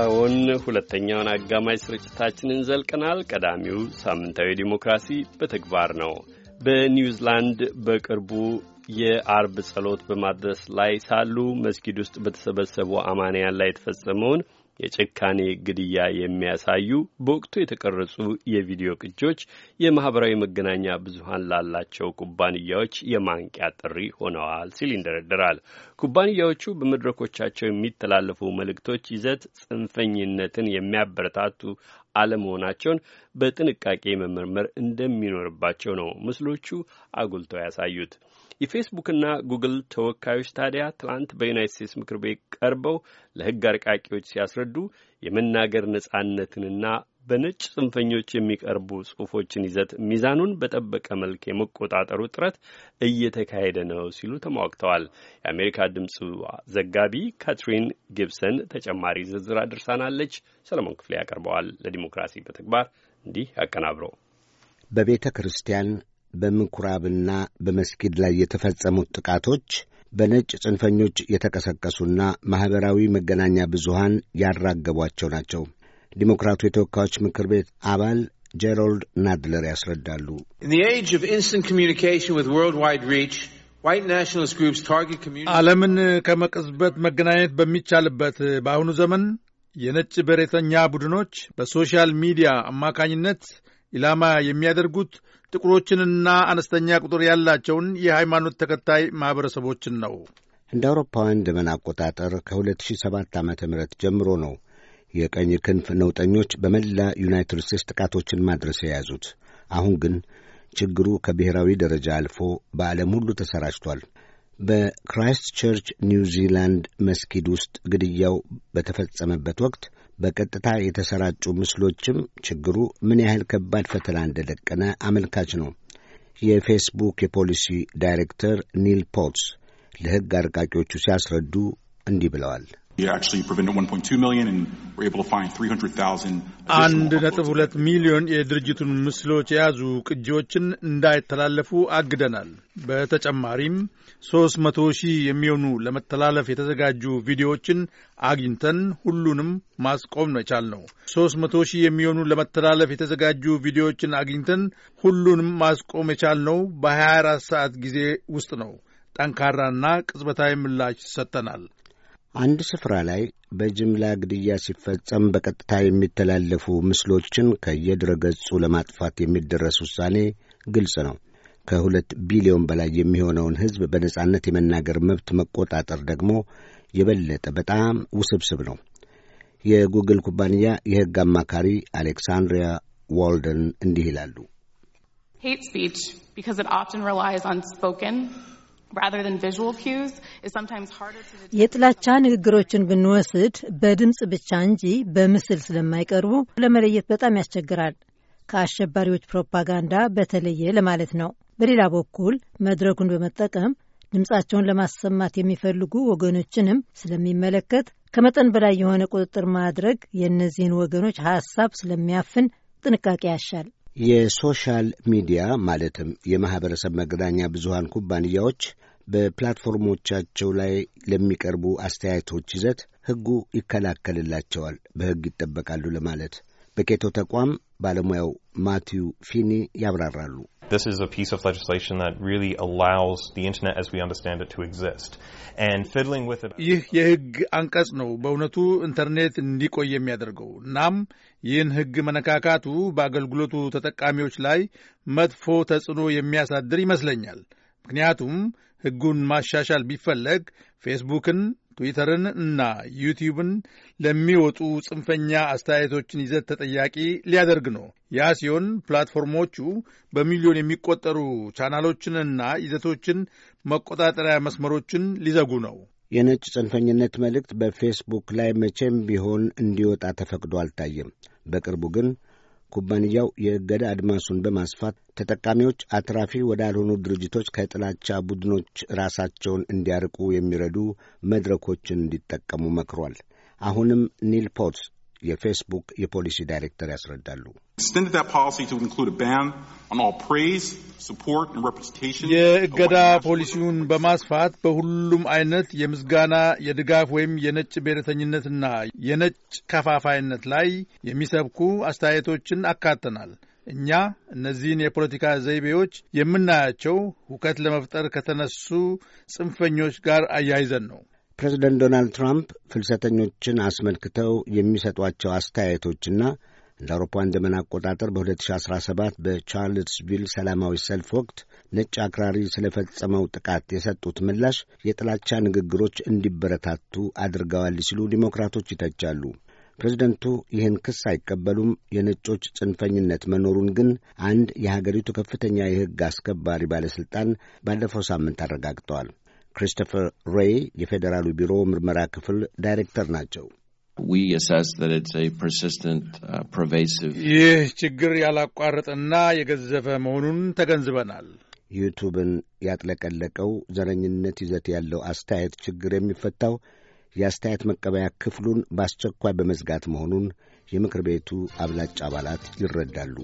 አሁን ሁለተኛውን አጋማሽ ስርጭታችንን ዘልቀናል። ቀዳሚው ሳምንታዊ ዲሞክራሲ በተግባር ነው። በኒውዚላንድ በቅርቡ የአርብ ጸሎት በማድረስ ላይ ሳሉ መስጊድ ውስጥ በተሰበሰቡ አማንያን ላይ የተፈጸመውን የጭካኔ ግድያ የሚያሳዩ በወቅቱ የተቀረጹ የቪዲዮ ቅጆች የማህበራዊ መገናኛ ብዙኃን ላላቸው ኩባንያዎች የማንቂያ ጥሪ ሆነዋል ሲል ይንደረደራል። ኩባንያዎቹ በመድረኮቻቸው የሚተላለፉ መልእክቶች ይዘት ጽንፈኝነትን የሚያበረታቱ አለመሆናቸውን በጥንቃቄ መመርመር እንደሚኖርባቸው ነው ምስሎቹ አጉልተው ያሳዩት። የፌስቡክና ጉግል ተወካዮች ታዲያ ትላንት በዩናይት ስቴትስ ምክር ቤት ቀርበው ለሕግ አርቃቂዎች ሲያስረዱ የመናገር ነጻነትንና በነጭ ጽንፈኞች የሚቀርቡ ጽሑፎችን ይዘት ሚዛኑን በጠበቀ መልክ የመቆጣጠሩ ጥረት እየተካሄደ ነው ሲሉ ተሟግተዋል። የአሜሪካ ድምፅ ዘጋቢ ካትሪን ጊብሰን ተጨማሪ ዝርዝር አድርሳናለች። ሰለሞን ክፍሌ ያቀርበዋል። ለዲሞክራሲ በተግባር እንዲህ ያቀናብሮ በቤተ ክርስቲያን በምኩራብና በመስጊድ ላይ የተፈጸሙት ጥቃቶች በነጭ ጽንፈኞች የተቀሰቀሱና ማኅበራዊ መገናኛ ብዙሃን ያራገቧቸው ናቸው። ዲሞክራቱ የተወካዮች ምክር ቤት አባል ጄሮልድ ናድለር ያስረዳሉ። ዓለምን ከመቀዝበት መገናኘት በሚቻልበት በአሁኑ ዘመን የነጭ በሬተኛ ቡድኖች በሶሻል ሚዲያ አማካኝነት ኢላማ የሚያደርጉት ጥቁሮችንና አነስተኛ ቁጥር ያላቸውን የሃይማኖት ተከታይ ማኅበረሰቦችን ነው። እንደ አውሮፓውያን ዘመን አቆጣጠር ከ2007 ዓ ም ጀምሮ ነው የቀኝ ክንፍ ነውጠኞች በመላ ዩናይትድ ስቴትስ ጥቃቶችን ማድረስ የያዙት። አሁን ግን ችግሩ ከብሔራዊ ደረጃ አልፎ በዓለም ሁሉ ተሰራጭቷል። በክራይስት ቸርች ኒውዚላንድ መስጊድ ውስጥ ግድያው በተፈጸመበት ወቅት በቀጥታ የተሰራጩ ምስሎችም ችግሩ ምን ያህል ከባድ ፈተና እንደደቀነ አመልካች ነው። የፌስቡክ የፖሊሲ ዳይሬክተር ኒል ፖትስ ለሕግ አርቃቂዎቹ ሲያስረዱ እንዲህ ብለዋል። actually prevented 1.2 million and were able to find 300,000. አንድ ሚሊዮን የድርጅቱን ምስሎች የያዙ ቅጂዎችን እንዳይተላለፉ አግደናል። በተጨማሪም 300 ሺህ የሚሆኑ ለመተላለፍ የተዘጋጁ ቪዲዮዎችን አግኝተን ሁሉንም ማስቆም ነው የቻልነው። 300 ሺህ የሚሆኑ ለመተላለፍ የተዘጋጁ ቪዲዮዎችን አግኝተን ሁሉንም ማስቆም የቻል ነው በ24 ሰዓት ጊዜ ውስጥ ነው። ጠንካራና ቅጽበታዊ ምላሽ ሰጥተናል። አንድ ስፍራ ላይ በጅምላ ግድያ ሲፈጸም በቀጥታ የሚተላለፉ ምስሎችን ከየድረ ገጹ ለማጥፋት የሚደረስ ውሳኔ ግልጽ ነው። ከሁለት ቢሊዮን በላይ የሚሆነውን ሕዝብ በነጻነት የመናገር መብት መቆጣጠር ደግሞ የበለጠ በጣም ውስብስብ ነው። የጉግል ኩባንያ የሕግ አማካሪ አሌክሳንድሪያ ዋልደን እንዲህ ይላሉ። የጥላቻ ንግግሮችን ብንወስድ በድምፅ ብቻ እንጂ በምስል ስለማይቀርቡ ለመለየት በጣም ያስቸግራል። ከአሸባሪዎች ፕሮፓጋንዳ በተለየ ለማለት ነው። በሌላ በኩል መድረኩን በመጠቀም ድምፃቸውን ለማሰማት የሚፈልጉ ወገኖችንም ስለሚመለከት ከመጠን በላይ የሆነ ቁጥጥር ማድረግ የእነዚህን ወገኖች ሀሳብ ስለሚያፍን ጥንቃቄ ያሻል። የሶሻል ሚዲያ ማለትም የማኅበረሰብ መገናኛ ብዙሃን ኩባንያዎች በፕላትፎርሞቻቸው ላይ ለሚቀርቡ አስተያየቶች ይዘት ሕጉ ይከላከልላቸዋል፣ በሕግ ይጠበቃሉ ለማለት በኬቶ ተቋም ባለሙያው ማቲው ፊኒ ያብራራሉ። this is a piece of legislation that really allows the internet as we understand it to exist. And fiddling with it. ይህ የህግ አንቀጽ ነው በእውነቱ ኢንተርኔት እንዲቆይ የሚያደርገው። እናም ይህን ህግ መነካካቱ በአገልግሎቱ ተጠቃሚዎች ላይ መጥፎ ተጽዕኖ የሚያሳድር ይመስለኛል። ምክንያቱም ህጉን ማሻሻል ቢፈለግ ፌስቡክን ትዊተርን እና ዩቲዩብን ለሚወጡ ጽንፈኛ አስተያየቶችን ይዘት ተጠያቂ ሊያደርግ ነው። ያ ሲሆን ፕላትፎርሞቹ በሚሊዮን የሚቆጠሩ ቻናሎችንና ይዘቶችን መቆጣጠሪያ መስመሮችን ሊዘጉ ነው። የነጭ ጽንፈኝነት መልእክት በፌስቡክ ላይ መቼም ቢሆን እንዲወጣ ተፈቅዶ አልታየም። በቅርቡ ግን ኩባንያው የእገዳ አድማሱን በማስፋት ተጠቃሚዎች አትራፊ ወዳልሆኑ ድርጅቶች ከጥላቻ ቡድኖች ራሳቸውን እንዲያርቁ የሚረዱ መድረኮችን እንዲጠቀሙ መክሯል። አሁንም ኒል ፖትስ የፌስቡክ የፖሊሲ ዳይሬክተር ያስረዳሉ። የእገዳ ፖሊሲውን በማስፋት በሁሉም አይነት የምስጋና፣ የድጋፍ ወይም የነጭ ብሔረተኝነትና የነጭ ከፋፋይነት ላይ የሚሰብኩ አስተያየቶችን አካተናል። እኛ እነዚህን የፖለቲካ ዘይቤዎች የምናያቸው ሁከት ለመፍጠር ከተነሱ ጽንፈኞች ጋር አያይዘን ነው። ፕሬዝደንት ዶናልድ ትራምፕ ፍልሰተኞችን አስመልክተው የሚሰጧቸው አስተያየቶችና እንደ አውሮፓውያን ዘመን አቆጣጠር በ2017 በቻርልስቪል ሰላማዊ ሰልፍ ወቅት ነጭ አክራሪ ስለፈጸመው ጥቃት የሰጡት ምላሽ የጥላቻ ንግግሮች እንዲበረታቱ አድርገዋል ሲሉ ዲሞክራቶች ይተቻሉ። ፕሬዝደንቱ ይህን ክስ አይቀበሉም። የነጮች ጽንፈኝነት መኖሩን ግን አንድ የሀገሪቱ ከፍተኛ የሕግ አስከባሪ ባለሥልጣን ባለፈው ሳምንት አረጋግጠዋል። ክሪስቶፈር ሬይ የፌዴራሉ ቢሮ ምርመራ ክፍል ዳይሬክተር ናቸው። uh, ይህ ችግር ያላቋረጠና የገዘፈ መሆኑን ተገንዝበናል። ዩቱብን ያጥለቀለቀው ዘረኝነት ይዘት ያለው አስተያየት ችግር የሚፈታው የአስተያየት መቀበያ ክፍሉን በአስቸኳይ በመዝጋት መሆኑን የምክር ቤቱ አብላጭ አባላት ይረዳሉ።